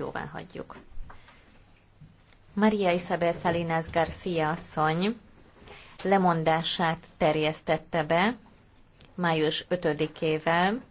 jóvá hagyjuk. Maria Isabel Salinas Garcia asszony lemondását terjesztette be május 5-ével,